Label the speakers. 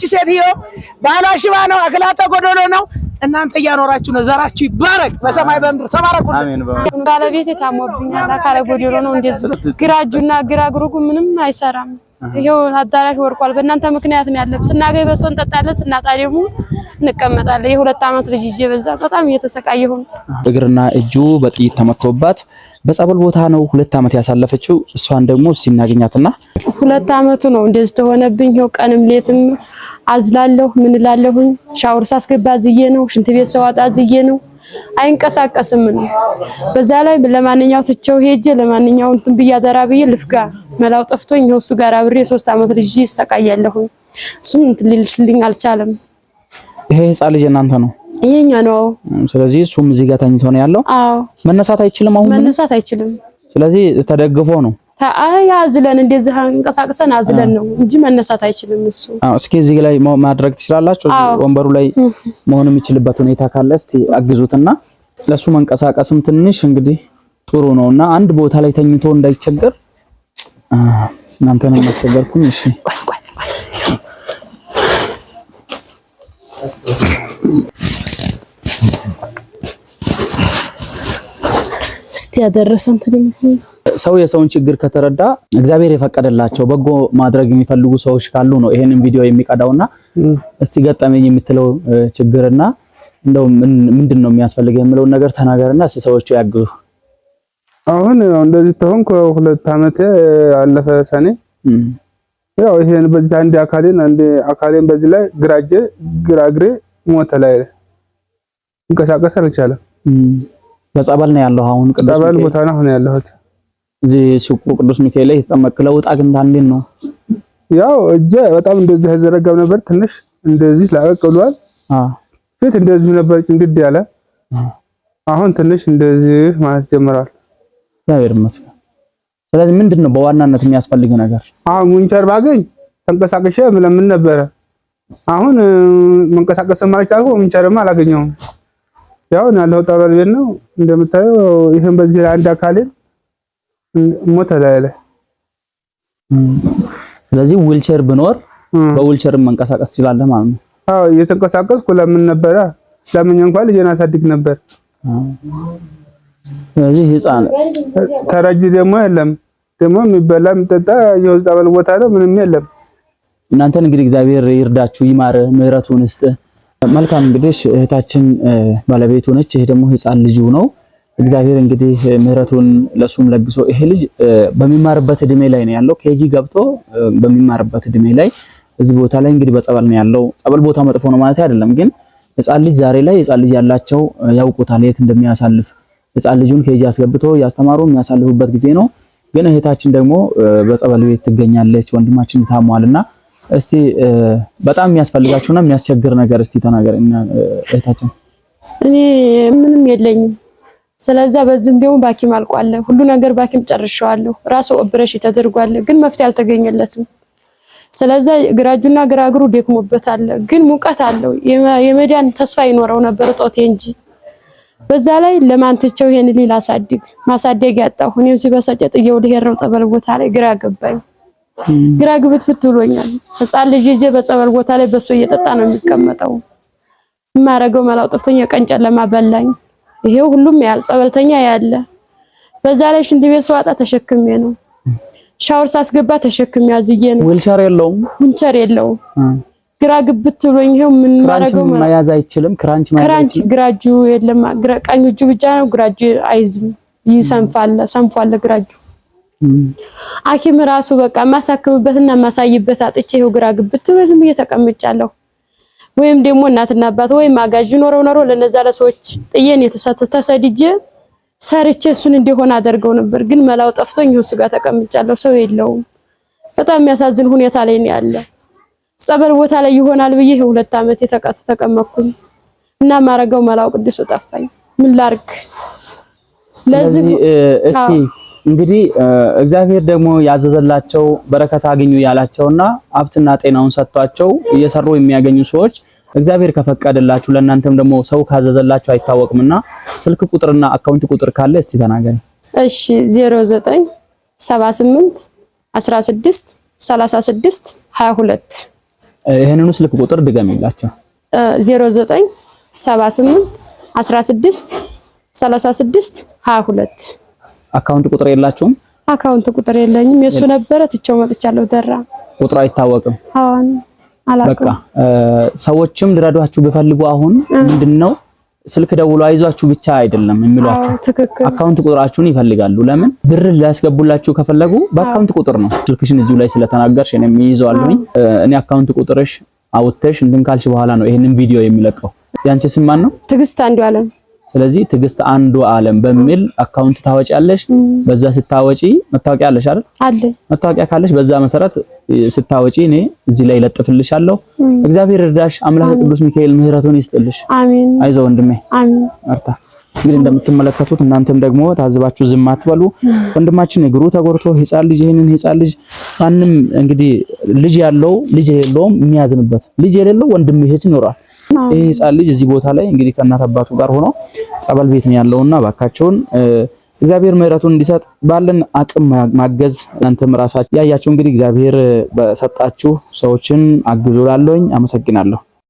Speaker 1: ይቺ ሴትዮ ባሏ ሽባ ነው፣ አክላተ ጎዶሎ ነው። እናንተ እያኖራችሁ ነው። ዘራችሁ ይባረክ በሰማይ በምድር ተባረኩ።
Speaker 2: ባለቤት የታሞብኛል፣ አካለ ጎዶሎ ነው። እንደዚህ ግራ እጁና ግራ እግሩ ምንም አይሰራም። ይሄው አዳራሽ ወርቋል። በእናንተ ምክንያት ነው ያለብ ስናገኝ በሰው እንጠጣለን፣ ስናጣ ደግሞ እንቀመጣለን። የሁለት ዓመት ልጅ ይዤ በዛ በጣም እየተሰቃየሁ ነው።
Speaker 3: እግርና እጁ በጥይት ተመቶባት በጸበል ቦታ ነው ሁለት ዓመት ያሳለፈችው። እሷን ደግሞ እስቲ እናገኛትና
Speaker 2: ሁለት ዓመቱ ነው እንደዚህ ተሆነብኝ። ይሄው ቀንም ሌትም አዝላለሁ። ምን እላለሁኝ? ሻወር ሳስገባ ዝዬ ነው፣ ሽንት ቤት ሰዋጣ ዝዬ ነው። አይንቀሳቀስም ነው። በዛ ላይ ለማንኛው ትቼው ሄጄ ለማንኛው እንትን ብዬ አደራ ብዬ ልፍጋ መላው ጠፍቶኝ ይኸው እሱ ጋር አብሬ የሶስት ዓመት ልጅ ይሰቃያለሁኝ። እሱም እንትን ሊልሽልኝ አልቻለም።
Speaker 3: ይሄ ህፃን ልጅ እናንተ ነው ይሄኛ ነው። ስለዚህ እሱም እዚህ ጋር ተኝቶ ነው ያለው። አዎ መነሳት አይችልም። አሁን
Speaker 2: መነሳት አይችልም።
Speaker 3: ስለዚህ ተደግፎ ነው
Speaker 2: አዝለን እንደዚህ አንቀሳቅሰን አዝለን ነው እንጂ መነሳት አይችልም እሱ።
Speaker 3: አዎ እስኪ እዚህ ላይ ማድረግ ትችላላችሁ። ወንበሩ ላይ መሆን የሚችልበት ሁኔታ ካለ እስቲ አግዙትና ለሱ መንቀሳቀስም ትንሽ እንግዲህ ጥሩ ነውና አንድ ቦታ ላይ ተኝቶ እንዳይቸገር እናንተ ነው መሰገርኩኝ። እሺ
Speaker 2: እስቲ ያደረሰን
Speaker 3: ሰው የሰውን ችግር ከተረዳ እግዚአብሔር የፈቀደላቸው በጎ ማድረግ የሚፈልጉ ሰዎች ካሉ ነው ይሄንን ቪዲዮ የሚቀዳውና እስቲ ገጠመኝ የምትለው ችግርና እንደው ምንድን ነው የሚያስፈልገው የምለውን ነገር ተናገርና እስቲ ሰዎቹ ያግዙ።
Speaker 4: አሁን እንደዚህ ተሆን ከሁለት ዓመት አለፈ ሰኔ ያው ይሄን በዚህ አንድ አካሌን አንድ አካሌን በዚህ ላይ ግራጄ ግራግሬ ሞተ ላይ እንቀሳቀስ አልቻለም።
Speaker 3: በጸበል ነው ያለው። አሁን
Speaker 4: ቅዱስ ጸበል ቦታ ነው አሁን ያለሁት
Speaker 3: እዚህ ሱቁ ቅዱስ ሚካኤል ላይ የተጠመቅ ለውጥ አግኝተሃል? እንዴት ነው?
Speaker 4: ያው እጄ በጣም እንደዚህ አይዘረጋም ነበር። ትንሽ እንደዚህ ላቀቅ ብሏል። ፊት እንደዚህ ነበር ጭንግድ ያለ። አሁን ትንሽ እንደዚህ ማለት ጀምሯል።
Speaker 3: እግዚአብሔር ይመስገን። ስለዚህ ምንድን ነው በዋናነት የሚያስፈልግ ነገር?
Speaker 4: አሁን ሙንቸር ባገኝ ተንቀሳቅሼ ምለምን ነበረ። አሁን መንቀሳቀስ ማለት ዊንቸርም አላገኘውም። ያው ያለው ጠበል ቤት ነው እንደምታየው። ይሄን በዚህ ላይ አንድ አካልን ሞተ ላይ
Speaker 3: ስለዚህ ዊልቸር ብኖር በዊልቸር መንቀሳቀስ ትችላለህ ማለት ነው።
Speaker 4: አዎ እየተንቀሳቀስኩ ለምን ነበረ ለምን እንኳን ልጄን አሳድግ ነበር።
Speaker 3: ስለዚህ ህፃን
Speaker 4: ተረጅ ደግሞ የለም ደግሞ የሚበላ የሚጠጣ የውስጥ ጠበል ቦታ ነው ምንም የለም።
Speaker 3: እናንተን እንግዲህ እግዚአብሔር ይርዳችሁ፣ ይማር፣ ምህረቱን እስጥ መልካም እንግዲህ እህታችን ባለቤቱ ነች ይሄ ደግሞ ህፃን ልጁ ነው። እግዚአብሔር እንግዲህ ምህረቱን ለሱም ለግሶ ይሄ ልጅ በሚማርበት እድሜ ላይ ነው ያለው። ኬጂ ገብቶ በሚማርበት እድሜ ላይ እዚህ ቦታ ላይ እንግዲህ በጸበል ነው ያለው። ጸበል ቦታ መጥፎ ነው ማለት አይደለም፣ ግን ህፃን ልጅ ዛሬ ላይ ህፃን ልጅ ያላቸው ያውቁታል የት እንደሚያሳልፍ። ህፃን ልጁን ኬጂ አስገብቶ ያስተማሩ የሚያሳልፉበት ጊዜ ነው። ግን እህታችን ደግሞ በጸበል ቤት ትገኛለች። ወንድማችን ታሟልና እስቲ በጣም የሚያስፈልጋችሁና የሚያስቸግር ነገር እስቲ ተናገር እህታችን።
Speaker 2: እኔ ምንም የለኝም። ስለዛ በዚህም ደግሞ ባኪም አልቋለ። ሁሉ ነገር ባኪም ጨርሸዋለሁ። ራሱ ኦፕሬሽን ተደርጓል፣ ግን መፍትሄ አልተገኘለትም። ስለዛ ግራጁና ግራግሩ ደክሞበታል፣ ግን ሙቀት አለው። የመዳን ተስፋ ይኖረው ነበር ጦቴ እንጂ በዛ ላይ ለማንትቸው ይሄን ሊላ ሳድግ ማሳደግ ያጣሁ እኔም ሲበሳጨ ጥየው ልሄድ ነው ጠበል ቦታ ላይ ግራ ገባኝ። ግራ ግብት ብትብሎኛል። ህፃን ልጅ ይዤ በጸበል ቦታ ላይ በሱ እየጠጣ ነው የሚቀመጠው። የማረገው መላው ጠፍቶኝ ቀን ጨለማ በላኝ። ይሄው ሁሉም ያህል ጸበልተኛ ያለ በዛ ላይ ሽንት ቤት ስዋጣ ተሸክሜ ነው። ሻወር ሳስገባ ተሸክሜ አዝዬ ነው።
Speaker 3: ዊልቸር የለውም፣
Speaker 2: ዊልቸር የለውም። ግራ ግብት ብሎኝ ይሄው ምን ማረገው
Speaker 3: መያዝ አይችልም። ክራንች ማለት
Speaker 2: ክራንች ግራጁ እጁ የለም። ቀኝ እጁ ብቻ ነው። ግራጁ አይዝም፣ ይሰንፋል፣ ሰንፏል ግራጁ ሐኪም ራሱ በቃ የማሳክምበትና የማሳይበት አጥቼ ይኸው ግራ ግብት በዝም ብዬ ተቀምጫለሁ። ወይም ደግሞ እናትና አባት ወይም አጋዥ ኖረው ኖረው ለነዛ ለሰዎች ጥዬን ተሰድጄ ሰርቼ እሱን እንዲሆን አደርገው ነበር። ግን መላው ጠፍቶኝ ይኸው ስጋ ተቀምጫለሁ። ሰው የለውም። በጣም የሚያሳዝን ሁኔታ ላይ ነው ያለ። ጸበል ቦታ ላይ ይሆናል ብዬ ሁለት ዓመት የተቀጥ ተቀመጥኩኝ እና ማረገው መላው ቅዱስ ጠፋኝ። ምን ላርግ?
Speaker 3: ለዚህ እስቲ እንግዲህ እግዚአብሔር ደግሞ ያዘዘላቸው በረከት አገኙ ያላቸውና ሀብትና ጤናውን ሰጥቷቸው እየሰሩ የሚያገኙ ሰዎች እግዚአብሔር ከፈቀደላችሁ ለእናንተም ደግሞ ሰው ካዘዘላችሁ አይታወቅምና ስልክ ቁጥርና አካውንት ቁጥር ካለ እስቲ ተናገሪ።
Speaker 2: እሺ 09 78 16 36 22
Speaker 3: ይሄንኑ ስልክ ቁጥር ድገሚላቸው።
Speaker 2: 09 78 16 36 22
Speaker 3: አካውንት ቁጥር የላችሁም?
Speaker 2: አካውንት ቁጥር የለኝም። የሱ ነበረ ትቼው መጥቻለሁ። ደራ
Speaker 3: ቁጥሩ አይታወቅም።
Speaker 2: አሁን በቃ
Speaker 3: ሰዎችም ሊረዷችሁ ቢፈልጉ አሁን ምንድነው ስልክ ደውሎ አይዟችሁ ብቻ አይደለም የሚሏችሁ፣ አካውንት ቁጥራችሁን ይፈልጋሉ። ለምን ብር ሊያስገቡላችሁ ከፈለጉ በአካውንት ቁጥር ነው። ስልክሽን እዚሁ ላይ ስለተናገርሽ እኔም ይይዘዋለሁኝ። እኔ አካውንት ቁጥርሽ አውጥተሽ እንትን ካልሽ በኋላ ነው ይሄንን ቪዲዮ የሚለቀው። ያንቺ ስም ማን ነው?
Speaker 2: ትዕግስት አንዱ አለም
Speaker 3: ስለዚህ ትዕግስት አንዱ ዓለም በሚል አካውንት ታወጪያለሽ። በዛ ስታወጪ መታወቂያ አለሽ አይደል? አለ መታወቂያ ካለሽ በዛ መሰረት ስታወጪ እኔ እዚህ ላይ ለጥፍልሻለሁ። እግዚአብሔር እርዳሽ። አምላክ ቅዱስ ሚካኤል ምህረቱን ይስጥልሽ። አሜን። አይዞ ወንድሜ። አሜን። አርታ እንግዲህ እንደምትመለከቱት እናንተም ደግሞ ታዝባችሁ ዝም አትበሉ። ወንድማችን እግሩ ተጎርቶ ህፃን ልጅ ይሄንን ህፃን ልጅ ማንም እንግዲህ ልጅ ያለው ልጅ የሌለውም የሚያዝንበት ልጅ የሌለው ወንድም ይሄት ይኖራል። ይህ ህፃን ልጅ እዚህ ቦታ ላይ እንግዲህ ከእናት አባቱ ጋር ሆኖ ጸበል ቤት ነው ያለውና ባካቸውን እግዚአብሔር ምሕረቱን እንዲሰጥ ባለን አቅም ማገዝ እናንተም ራሳችሁ ያያችሁ እንግዲህ እግዚአብሔር በሰጣችሁ ሰዎችን ላለኝ አመሰግናለሁ።